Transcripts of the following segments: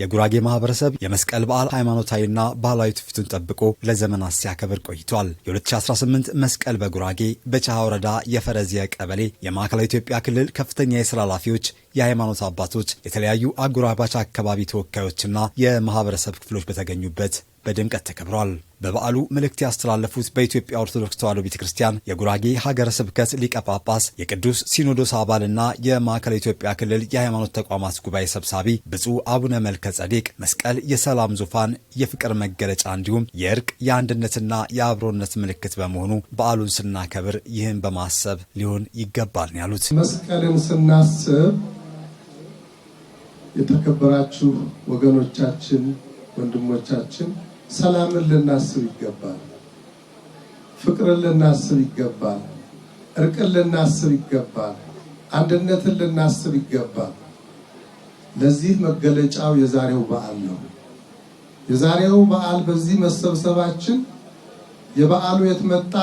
የጉራጌ ማህበረሰብ የመስቀል በዓል ሃይማኖታዊና ባህላዊ ትውፊቱን ጠብቆ ለዘመናት ሲያከብር ቆይቷል። የ2018 መስቀል በጉራጌ በቻሃ ወረዳ የፈረዚየ ቀበሌ የማዕከላዊ ኢትዮጵያ ክልል ከፍተኛ የስራ ኃላፊዎች፣ የሃይማኖት አባቶች፣ የተለያዩ አጎራባች አካባቢ ተወካዮችና የማህበረሰብ ክፍሎች በተገኙበት በድምቀት ተከብሯል። በበዓሉ መልእክት ያስተላለፉት በኢትዮጵያ ኦርቶዶክስ ተዋሕዶ ቤተ ክርስቲያን የጉራጌ ሀገረ ስብከት ሊቀ ጳጳስ የቅዱስ ሲኖዶስ አባልና የማዕከል ኢትዮጵያ ክልል የሃይማኖት ተቋማት ጉባኤ ሰብሳቢ ብፁዕ አቡነ መልከ ጸዴቅ መስቀል የሰላም ዙፋን፣ የፍቅር መገለጫ እንዲሁም የእርቅ የአንድነትና የአብሮነት ምልክት በመሆኑ በዓሉን ስናከብር ይህን በማሰብ ሊሆን ይገባል ነው ያሉት። መስቀልን ስናስብ የተከበራችሁ ወገኖቻችን፣ ወንድሞቻችን ሰላምን ልናስብ ይገባል። ፍቅርን ልናስብ ይገባል። እርቅን ልናስብ ይገባል። አንድነትን ልናስብ ይገባል። ለዚህ መገለጫው የዛሬው በዓል ነው። የዛሬው በዓል በዚህ መሰብሰባችን የበዓሉ የትመጣ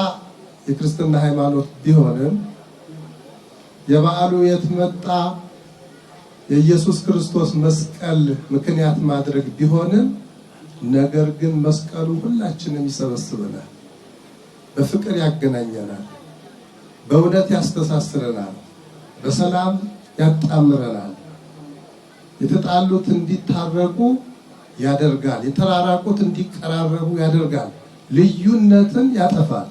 የክርስትና ሃይማኖት ቢሆንም የበዓሉ የትመጣ የኢየሱስ ክርስቶስ መስቀል ምክንያት ማድረግ ቢሆንም ነገር ግን መስቀሉ ሁላችንም ይሰበስበናል፣ በፍቅር ያገናኘናል፣ በእውነት ያስተሳስረናል፣ በሰላም ያጣምረናል፣ የተጣሉት እንዲታረቁ ያደርጋል፣ የተራራቁት እንዲቀራረቡ ያደርጋል፣ ልዩነትን ያጠፋል።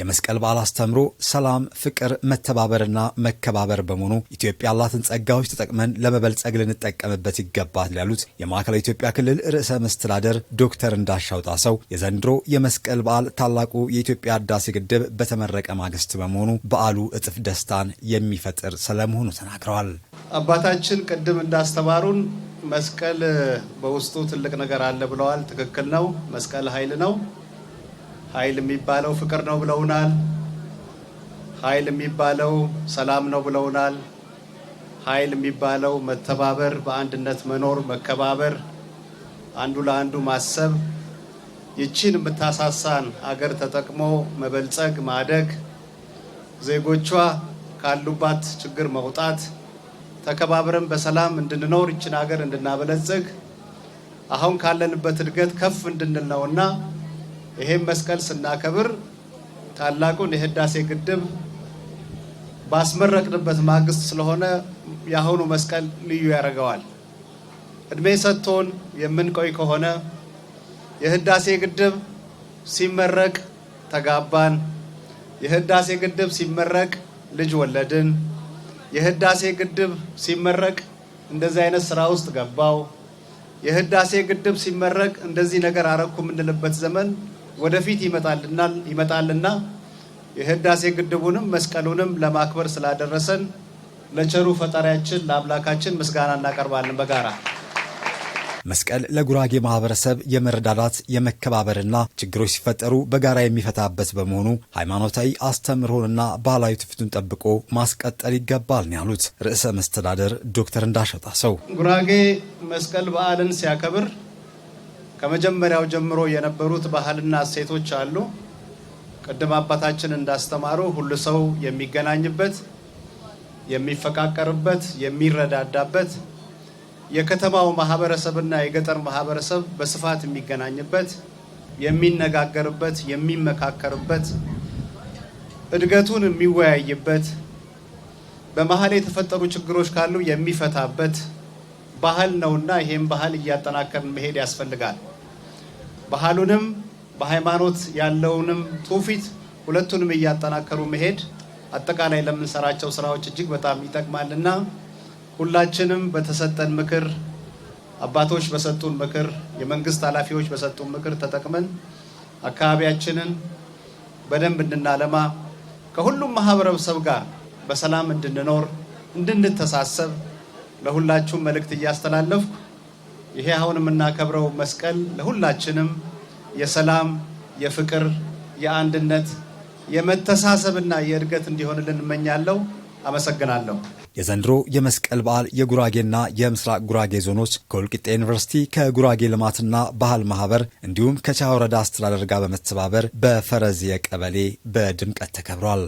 የመስቀል በዓል አስተምሮ ሰላም፣ ፍቅር፣ መተባበርና መከባበር በመሆኑ ኢትዮጵያ ያላትን ጸጋዎች ተጠቅመን ለመበልጸግ ልንጠቀምበት ይገባል ያሉት የማዕከላዊ ኢትዮጵያ ክልል ርዕሰ መስተዳደር ዶክተር እንዳሻው ጣሰው የዘንድሮ የመስቀል በዓል ታላቁ የኢትዮጵያ ህዳሴ ግድብ በተመረቀ ማግስት በመሆኑ በዓሉ እጥፍ ደስታን የሚፈጥር ስለመሆኑ ተናግረዋል። አባታችን ቅድም እንዳስተማሩን መስቀል በውስጡ ትልቅ ነገር አለ ብለዋል። ትክክል ነው። መስቀል ኃይል ነው። ኃይል የሚባለው ፍቅር ነው ብለውናል። ኃይል የሚባለው ሰላም ነው ብለውናል። ኃይል የሚባለው መተባበር፣ በአንድነት መኖር፣ መከባበር፣ አንዱ ለአንዱ ማሰብ፣ ይቺን የምታሳሳን አገር ተጠቅሞ መበልጸግ፣ ማደግ፣ ዜጎቿ ካሉባት ችግር መውጣት፣ ተከባብረን በሰላም እንድንኖር ይችን አገር እንድናበለጽግ አሁን ካለንበት እድገት ከፍ እንድንል ነውና ይሄም መስቀል ስናከብር ታላቁን የህዳሴ ግድብ ባስመረቅንበት ማግስት ስለሆነ የአሁኑ መስቀል ልዩ ያደርገዋል። እድሜ ሰጥቶን የምንቆይ ከሆነ የህዳሴ ግድብ ሲመረቅ ተጋባን፣ የህዳሴ ግድብ ሲመረቅ ልጅ ወለድን፣ የህዳሴ ግድብ ሲመረቅ እንደዚህ አይነት ስራ ውስጥ ገባው፣ የህዳሴ ግድብ ሲመረቅ እንደዚህ ነገር አረኩ የምንልበት ዘመን ወደፊት ይመጣልና የህዳሴ ግድቡንም መስቀሉንም ለማክበር ስላደረሰን ለቸሩ ፈጣሪያችን ለአምላካችን ምስጋና እናቀርባለን በጋራ። መስቀል ለጉራጌ ማህበረሰብ የመረዳዳት የመከባበርና ችግሮች ሲፈጠሩ በጋራ የሚፈታበት በመሆኑ ሃይማኖታዊ አስተምህሮንና ባህላዊ ትውፊቱን ጠብቆ ማስቀጠል ይገባል ነው ያሉት ርዕሰ መስተዳደር ዶክተር እንዳሸጣ ሰው። ጉራጌ መስቀል በዓልን ሲያከብር ከመጀመሪያው ጀምሮ የነበሩት ባህልና እሴቶች አሉ። ቅድም አባታችን እንዳስተማሩ ሁሉ ሰው የሚገናኝበት፣ የሚፈቃቀርበት፣ የሚረዳዳበት የከተማው ማህበረሰብና የገጠር ማህበረሰብ በስፋት የሚገናኝበት፣ የሚነጋገርበት፣ የሚመካከርበት፣ እድገቱን የሚወያይበት፣ በመሀል የተፈጠሩ ችግሮች ካሉ የሚፈታበት ባህል ነውና ይሄን ባህል እያጠናከርን መሄድ ያስፈልጋል። ባህሉንም በሃይማኖት ያለውንም ትውፊት ሁለቱንም እያጠናከሩ መሄድ አጠቃላይ ለምንሰራቸው ስራዎች እጅግ በጣም ይጠቅማልና ሁላችንም በተሰጠን ምክር፣ አባቶች በሰጡን ምክር፣ የመንግስት ኃላፊዎች በሰጡን ምክር ተጠቅመን አካባቢያችንን በደንብ እንድናለማ ከሁሉም ማህበረሰብ ጋር በሰላም እንድንኖር እንድንተሳሰብ ለሁላችሁም መልእክት እያስተላለፍኩ ይሄ አሁን የምናከብረው መስቀል ለሁላችንም የሰላም፣ የፍቅር፣ የአንድነት፣ የመተሳሰብና የእድገት እንዲሆንልን እመኛለሁ። አመሰግናለሁ። የዘንድሮ የመስቀል በዓል የጉራጌና የምስራቅ ጉራጌ ዞኖች ከወልቂጤ ዩኒቨርሲቲ ከጉራጌ ልማትና ባህል ማህበር እንዲሁም ከቻ ወረዳ አስተዳደር ጋር በመተባበር በፈረዝየ ቀበሌ በድምቀት ተከብሯል።